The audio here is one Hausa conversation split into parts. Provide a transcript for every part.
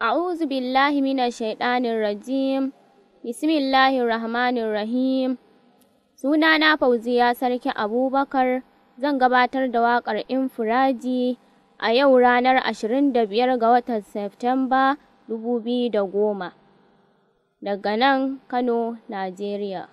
A'udhu billahi minash shaitanir rajim. Bismillahir rahmanir rahim. Sunana Fauziya Sarki Abubakar. Zan gabatar da waƙar Infiraji a yau ranar 25 ga watan Satumba 2010. Daga nan Kano, Najeriya.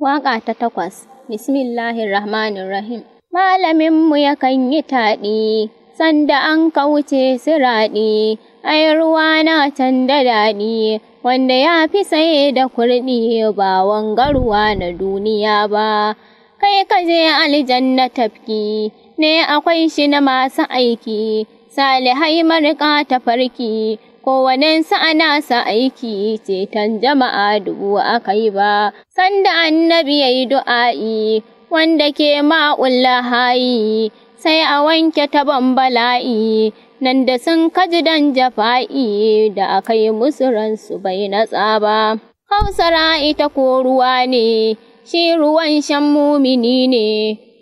Waƙa ta takwas. Bismillahir rahmanir rahim. Malaminmu yakan yi taɗi, sanda an kauce siraɗi. ai ruwa na tanda daɗi wanda ya fi saye da kurɗi ba wangarwa na duniya ba kai ka je aljanna tafki ne akwai shi na masu aiki salihai marka ta farki kowanensu ana sa aiki ceton jama'a dubu aka yi ba sanda annabi ya yi du'a'i wanda ke ma'ulla hayi sai a wanke taban bala'i nan da sun kaji dan jafa'i da aka yi musu ransu bai na tsaba. Hausara ita ko ruwa ne, shi ruwan shan mumini ne,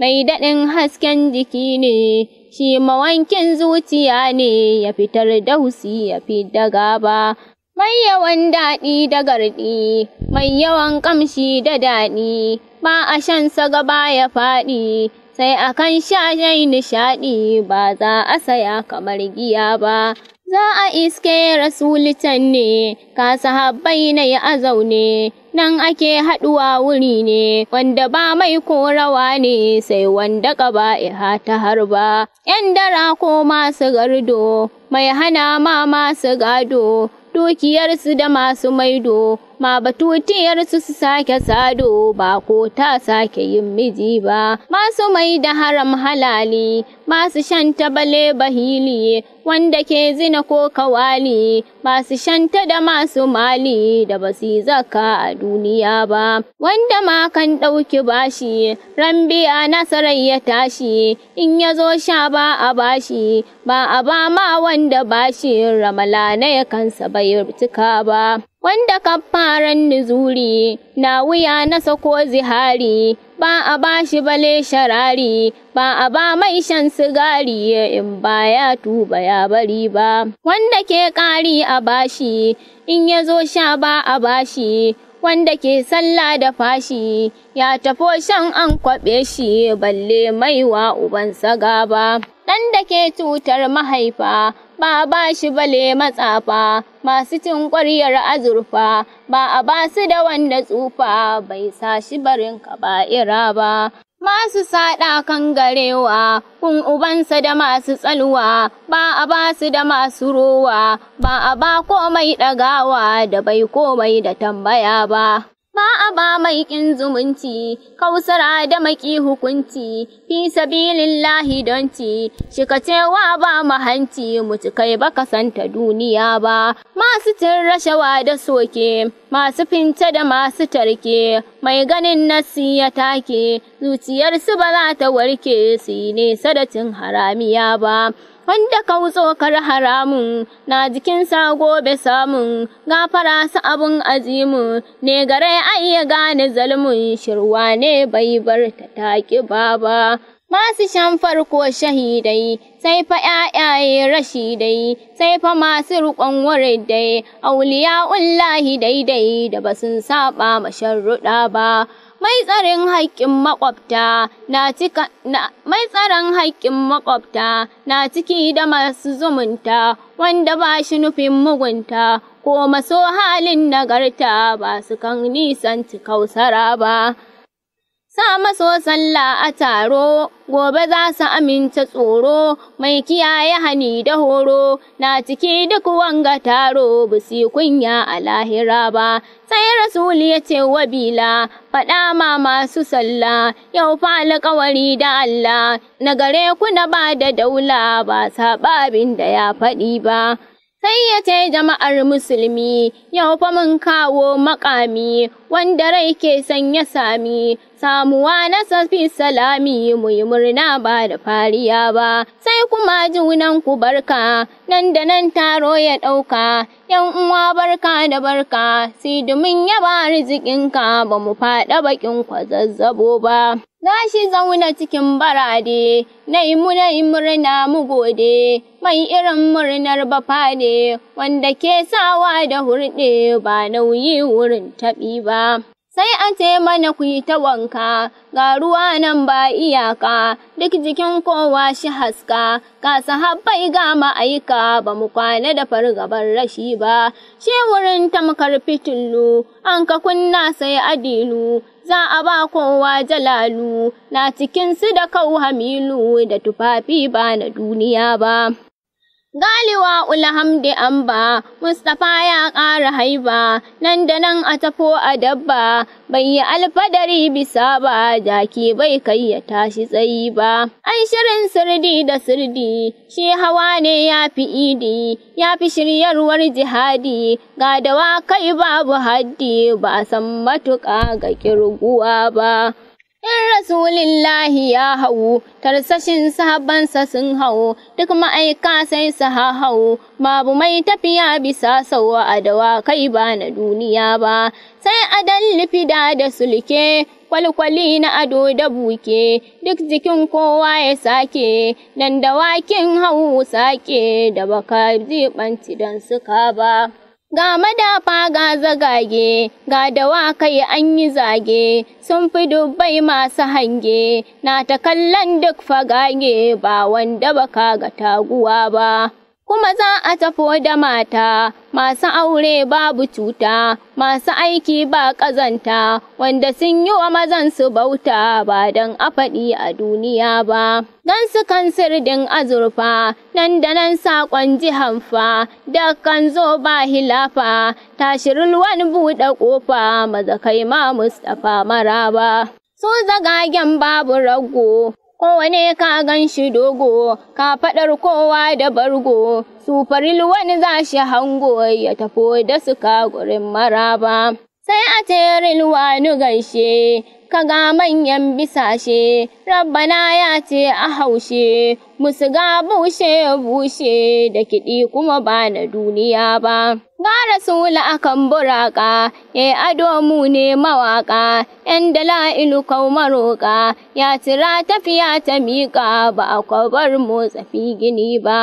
mai daɗin hasken jiki ne, shi mawankin zuciya ne ya fitar dausi ya fi da gaba. Mai yawan daɗi da garɗi, mai yawan ƙamshi da daɗi, ba a shansa gaba ya faɗi. sai akan shashai nishaɗi ba za a saya kamar giya ba za a iske rasulitan ne ka sahabbai na yi a zaune nan ake haɗuwa wuri ne wanda ba mai korawa ne sai wanda iha ta harba yan dara ko masu gardo mai hana ma masu gado dukiyarsu da masu maido ma batutiyar su su sake sado ba ko ta sake yin miji ba masu mai da haram halali masu shan tabale bahili wanda ke zina ko kawali masu shanta da masu mali da basi zaka a duniya ba wanda ma kan ɗauki bashi rambiya nasarar ya tashi in ya zo sha ba a bashi ba a ba ma wanda bashi ramala na ya kansa bai cika ba wanda kafaran nuzuri na wuya na sako zihari ba a bashi bale sharari ba a ba mai shan sigari in ba ya tuba ya bari ba wanda ke ƙari a bashi in ya zo sha ba a bashi wanda ke sallah da fashi ya tafo shan an kwaɓe shi balle maiwa ubansa gaba ɗan da ke cutar mahaifa ba a ba shi bale matsafa masu cin ƙwaryar azurfa ba a ba su da wanda tsufa bai sa shi barin ƙaba'ira ba masu saɗa kan garewa kun ubansa da masu tsalwa ba a ba su da masu rowa ba a ba komai ɗagawa da bai komai da tambaya ba ba a ba mai kin zumunci, kausara da maki hukunci, fi sabilillahi don ci, shika cewa ba mahanci mutu kai baka santa duniya ba, masu cin rashawa da soke, masu fince da masu tarke, mai ganin nasi ya take, zuciyarsu ba za ta warke su yi nesa da cin haramiya ba. wanda wuzo kar haramun na jikin sa gobe samun gafara sa abun azimu ne gare ai ya gane zalmun shirwa ne bai bar ta taki baba masu shan farko shahidai sai fa ƴaƴaye rashidai sai fa masu riƙon dai auliya ullahi daidai da basun saba masharruɗa ba mai tsarin haƙƙin makwabta na cika mai tsaron haƙƙin makwabta na ciki da masu zumunta wanda ba shi nufin mugunta ko maso halin nagarta ba su kan nisanci kausara ba sa maso sallah a taro gobe za su aminta tsoro mai kiyaye hani da horo na ciki duk wanga taro ba su kunya a lahira ba sai rasul ya ce wa bila faɗa ma masu sallah yau fa alƙawari da Allah na gare ku na ba da daula ba saɓa abin da ya faɗi ba ce jama'ar musulmi yau fa mun kawo makami wanda rai ke san ya sami samuwa na safi salami mu yi murna ba da fariya ba sai kuma junan ku barka nan da nan taro ya ɗauka yan uwa barka da barka si dumin yaba arzikinka ba mu faɗa bakin kwazazzabo ba za shi zauna cikin barade, na yi murna mu gode, mai irin murnar bafa ne, wanda ke sawa da hurɗe ba nauyi wurin taɓi ba. Sai a ce mana ku yi ta wanka, ga ruwa nan ba iyaka, duk jikin kowa shi haska, ga sahabbai ga ma'aika ba mu kwana da fargabar rashi ba, shi wurin tamkar fitilu, an ka kunna sai adilu, za a ba kowa jalalu na cikin su da kau hamilu da tufafi ba na duniya ba Galiwa Ulhamdi Amba, Mustapha ya ƙara haiba, nan da nan a tafo a dabba, bai yi alfadari bisa ba, jaki bai kai ya tashi tsayi ba. An shirin sirdi da sirdi, shi hawa ne ya fi idi, ya fi shiryarwar jihadi, ga dawa kai babu haddi, ba san matuƙa ga kirguwa ba. in rasulillahi ya hau tarsashin sahabansa sun hau duk ma'aika sai su hau babu mai tafiya bisa sauwa a dawakai ba na duniya ba sai adan lifida da sulke kwalkwali na ado da buke duk jikin kowa ya sake nan da dawakin hau sake da baka jiɓanci don suka ba Ga madafa ga zagage, ga dawakai an yi zage, sun fi dubbai masu hange, na ta kallon duk fagage ba wanda baka ga taguwa ba. kuma za a tafi da mata masu aure babu cuta masu aiki ba ƙazanta wanda sun yi wa mazan su bauta ba don a faɗi a duniya ba don su kan sirdin azurfa nan da nan saƙon jihan fa da kan zo ba hilafa wani buɗe ƙofa maza kai ma mustapha maraba su zagagen babu rago kowane ka gan shi dogo ka faɗar kowa da bargo su faril wani za shi hango ya tafo da suka gurin maraba sai a terin wani gaishe ka ga manyan bisashe rabbana ya ce a haushe musu ga bushe bushe da kiɗi kuma ba na duniya ba ga rasula akan buraka ya ado mu ne mawaka yan dala'ilu kau maroka ya tira tafiya ta miƙa ba a kwabar motsa gini ba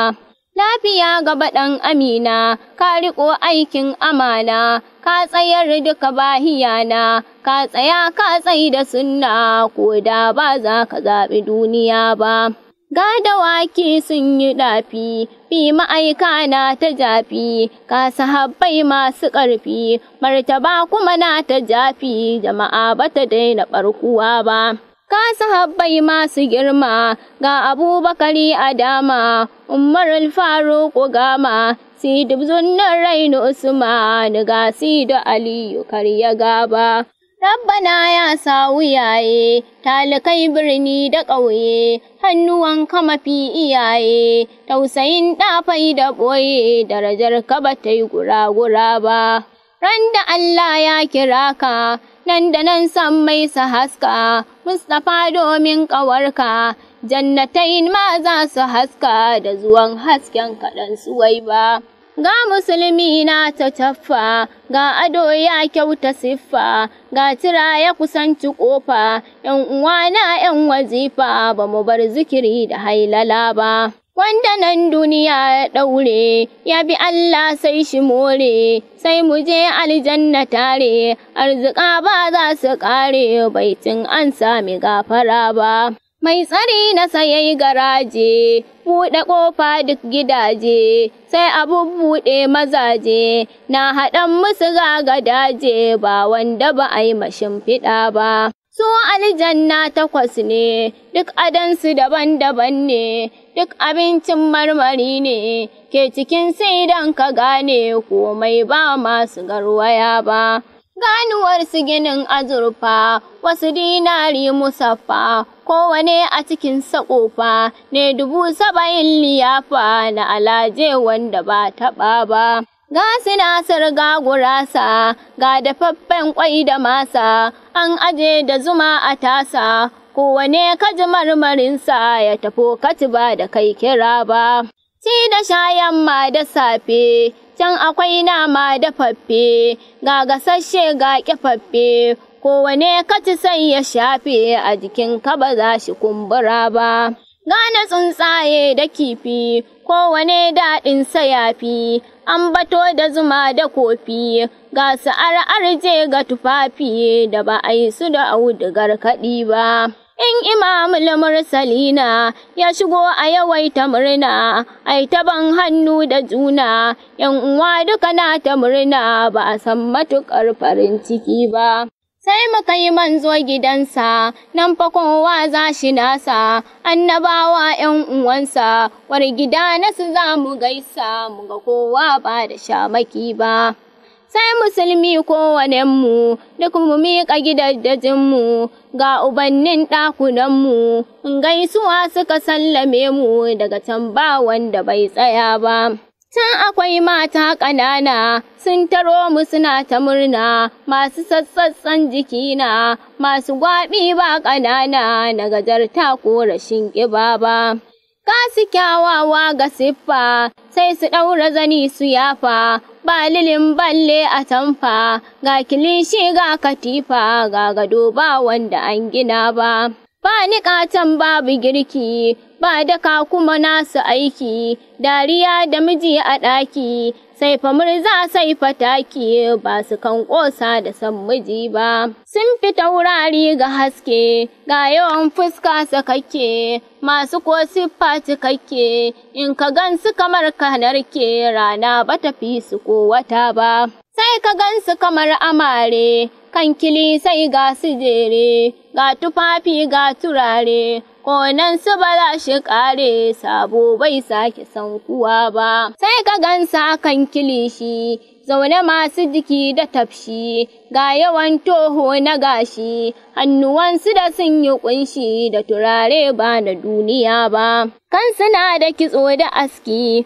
Lafiya gaba ɗan Amina, ka riƙo aikin amana, ka tsayar duka bahiyana, ka tsaya ka tsayi da sunna, ko da ba za ka zaɓi duniya ba. Ga dawaki sun yi ɗafi, fi ma'aika na ta jafi, ka sahabbai masu ƙarfi, martaba kuma na ta jafi, jama'a ba ta daina ɓarkuwa ba. Ka sahabbai masu girma ga abubakari a dama, Umar Faruk gama, Sidib zunnan raini Usman ga da Aliyu karya gaba. Rabbana ya sa wuyaye, talikai birni da ƙauye, hannuwan kamafi iyaye, tausayin ɗafai da ɓoye, darajar ka ba ta yi gura-gura ba. Ran da Allah ya kira ka, nan da nan san mai su haska mustapha domin ƙawarka jannatain ma za su haska da zuwan hasken kaɗan suwai ba ga musulmi na ta taffa ga ado ya kyauta siffa ga tira ya kusanci ƙofa yan uwana yan wazifa ba mu bar zikiri da hailala ba Wanda nan duniya ya ɗaure, ya bi Allah sai shi more, sai mu je aljanna tare, arzika ba za su ƙare, baitin an sami gafara ba. Mai tsari na sayai garaje, buɗe ƙofa duk gidaje, sai a buɗe mazaje, na haɗan musu gagadaje ba wanda ba a yi fiɗa ba. Su aljanna takwas ne, duk adansu daban-daban ne, duk abincin marmari ne, ke cikin sai don ka gane komai ba masu garwaya ba. Ganuwar su ginin azurfa, wasu dinari musaffa, kowane a cikin saƙofa, ne dubu saba'in liyafa na alaje wanda ba taɓa ba. ga sinasar ga gurasa ga dafaffen kwai da masa an aje da zuma a tasa kowane ka ji marmarinsa ya tafo kaci ba da kai kira ba. Ci da shayan ma da safe, can akwai nama da faffe, ga gasasshe ga kyafaffe, kowane ka ci sai ya shafe a jikin ka ba za shi kumbura ba. Gane tsuntsaye da kifi, kowane daɗin sayafi, an bato da zuma da kofi, ga su ar ar'arje ga tufafi da ba a yi su da audugar kaɗi ba. in imamul mursalina ya shigo a yawaita murna ai taban hannu da juna yan uwa duka na ta murna ba a san matukar farin ciki ba sai muka yi manzo gidansa nan fa kowa za shi nasa annabawa yan uwansa war gida nasu za mu gaisa mu ga kowa ba da shamaki ba sai musulmi kowanenmu duk mu miƙa gidajenmu ga ubannin ɗakunanmu gaisuwa suka sallame mu daga can ba wanda bai tsaya ba. Can akwai mata ƙanana sun taro mu suna ta murna masu sassan jikina masu gwaɓi ba ƙanana na gajarta ko rashin ƙiba ba. Kasi kyawawa ga siffa, sai su ɗaura zani su yafa, ba lilin balle a tamfa, ga kilishi ga katifa, ga gado ba wanda an gina ba. Ba niƙatan babu girki, ba daka kuma nasu aiki, dariya da miji a ɗaki, sai fa murza sai fa take ba su kan ƙosa da san miji ba sun fita wurare ga haske ga yawan fuska sakakke masu ko siffa cikakke in ka gansu kamar ka narke rana ba ta fi su ko wata ba sai ka gansu kamar amare kan kili sai ga su ga tufafi ga turare konan su ba za shi ƙare sabo bai sake sankuwa ba sai ka gansa kan kilishi zaune masu jiki da tafshi ga yawan toho na gashi hannuwansu da sun yi ƙunshi, da turare ba na duniya ba Kansu na da kitso da aski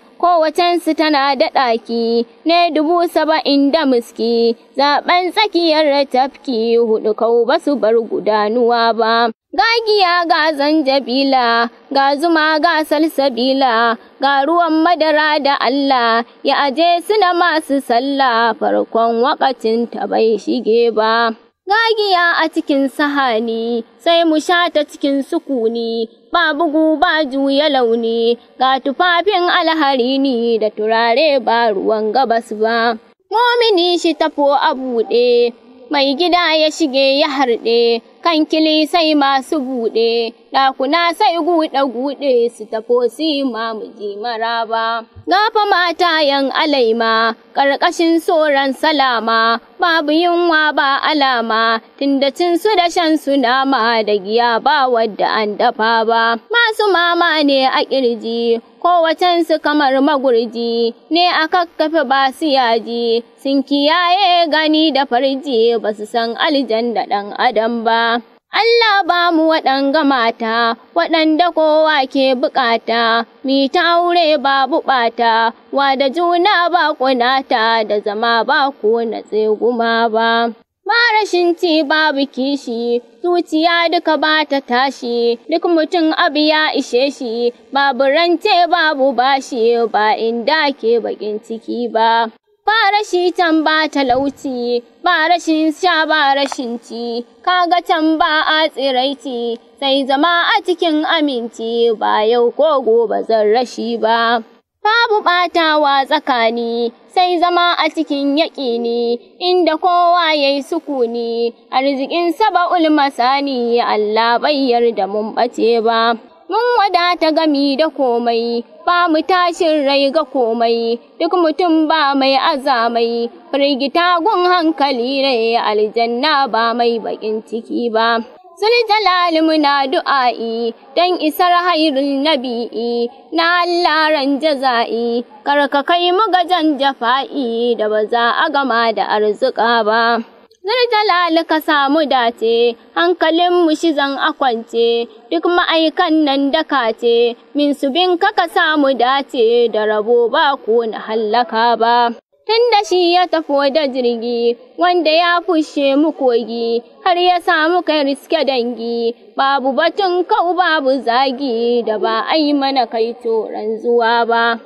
su tana da ɗaki ne dubu saba'in da muski zaɓen tsakiyar tafki hudu kau ba su bar gudanuwa ba Gagiya ga zanjabila, ga zuma ga salsabila, ga ruwan madara da Allah, ya aje na masu sallah farkon wakacin ta bai shige ba. Gagiya a cikin sahani, sai mu sha ta cikin sukuni, ba bugu ba juya launi, ga tufafin alharini da turare ba ruwan gabas ba. Momini shi tafo a buɗe, mai gida ya shige ya harɗe, kan kilisai masu buɗe, ɗakuna sai guɗe-guɗe su tafo ma mu ji maraba. Gafa mata yan alaima, ƙarƙashin soran salama, babu yunwa ba alama, tunda cin su da shan su nama da giya ba wadda an dafa ba. Masu mama ne a ƙirji, kowacensu kamar magurji ne a kakkafe ba su yaji sun kiyaye gani da farji ba su san aljan da ɗan adam ba Allah ba mu waɗanga mata, waɗanda kowa ke buƙata, mi ta aure ba buɓata, wa da juna ba kunata da zama ba ku na tseguma ba. ba rashin ci babu kishi zuciya duka ba ta tashi duk mutum abu ya ishe shi babu rance babu bashi ba inda ke bakin ciki ba ba rashi can ba talauci ba rashin sha ba rashin ci kaga can ba a tsiraiti, sai zama a cikin aminci ba yau ko gobe zan rashi ba babu ɓatawa tsakani sai zama a cikin yaƙini inda kowa ya yi sukuni arzikin saba'ul masani Allah bai yarda mun ɓace ba mun wadata gami da komai ba mu tashin rai ga komai duk mutum ba mai azamai firgita gun hankali rai aljanna ba mai baƙin ciki ba Zuljalal muna du'a'i don isar hairin nabi'i na Allah ran jaza'i karka kai mu ga jafa'i da ba za a gama da arzuka ba. Zuljalal ka samu dace hankalin mu shi zan akwance duk ma'aikan nan da kace min su bin ka ka samu dace da rabo ba ko na hallaka ba. Tun da shi ya tafi da jirgi wanda ya fushe mu kogi har ya samu kai riske dangi babu batun kau babu zagi da ba a yi mana kai to ranzuwa ba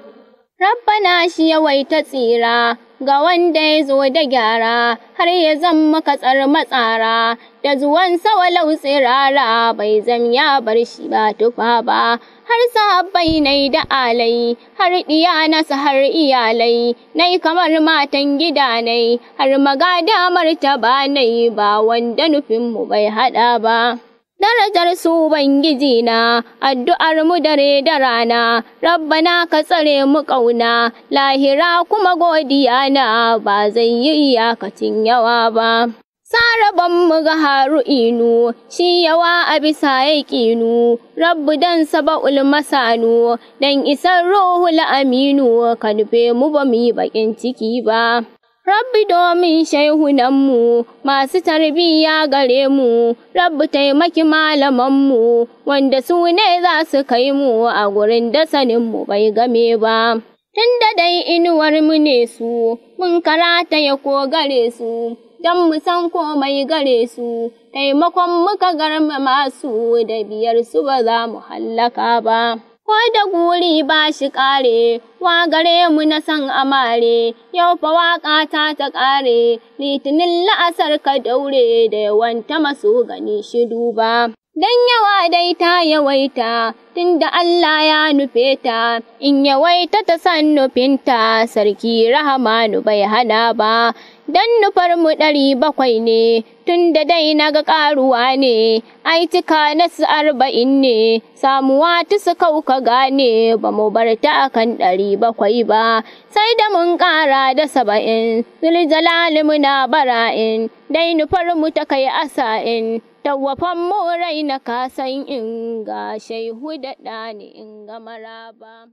rabbana shi ta tsira ga wanda ya zo da gyara har ya zama katsar matsara da zuwan sawalau tsirara bai zam ya bar shi ba tufa ba har sahabbai nai da alai har ɗiya nasu har iyalai yi kamar matan gida nai har magada martaba nai ba wanda nufinmu bai haɗa ba darajar su Ubangiji na, addu'ar mu dare da rana, rabbana ka tsare mu ƙauna, lahira kuma godiya na ba zai yi iyakacin yawa ba. Saraban mu ga haru inu, shi yawa a bisa ya ƙinu, rabbu dan saba'ul masanu, dan isar ruhul aminu, ka nufe mu ba mu yi baƙin ciki ba. Rabbi domin shaihunanmu masu tarbiyya gare mu, Rabbi taimaki malamanmu wanda su ne za su kai mu a gurin da saninmu bai game ba. Tun da dai inuwar mu ne su, mun karata ya gare su, don mu san komai gare su, taimakon muka garmama su da biyar su ba za mu hallaka ba. ko da guri ba shi ƙare, wa gare mu na san amare, yau fa waƙa ta ta ƙare, litinin la'asar ka daure da yawan ta masu gani shi duba. Dan yawa dai ta yawaita, tunda Allah ya nufe ta, in yawaita ta san nufinta, sarki rahamanu bai hana ba, dan nufar mu ɗari bakwai ne, tunda dai na ga ƙaruwa ne, ai cika na su arba'in ne, samuwa ta su kauka gane, ba mu bar ta kan ɗari bakwai ba, sai da mun ƙara da saba'in, zuljalali muna bara'in, dai nufar mu ta kai asa'in. Tawafan mu raina ka san in ga shaihu da ɗani in ga maraba.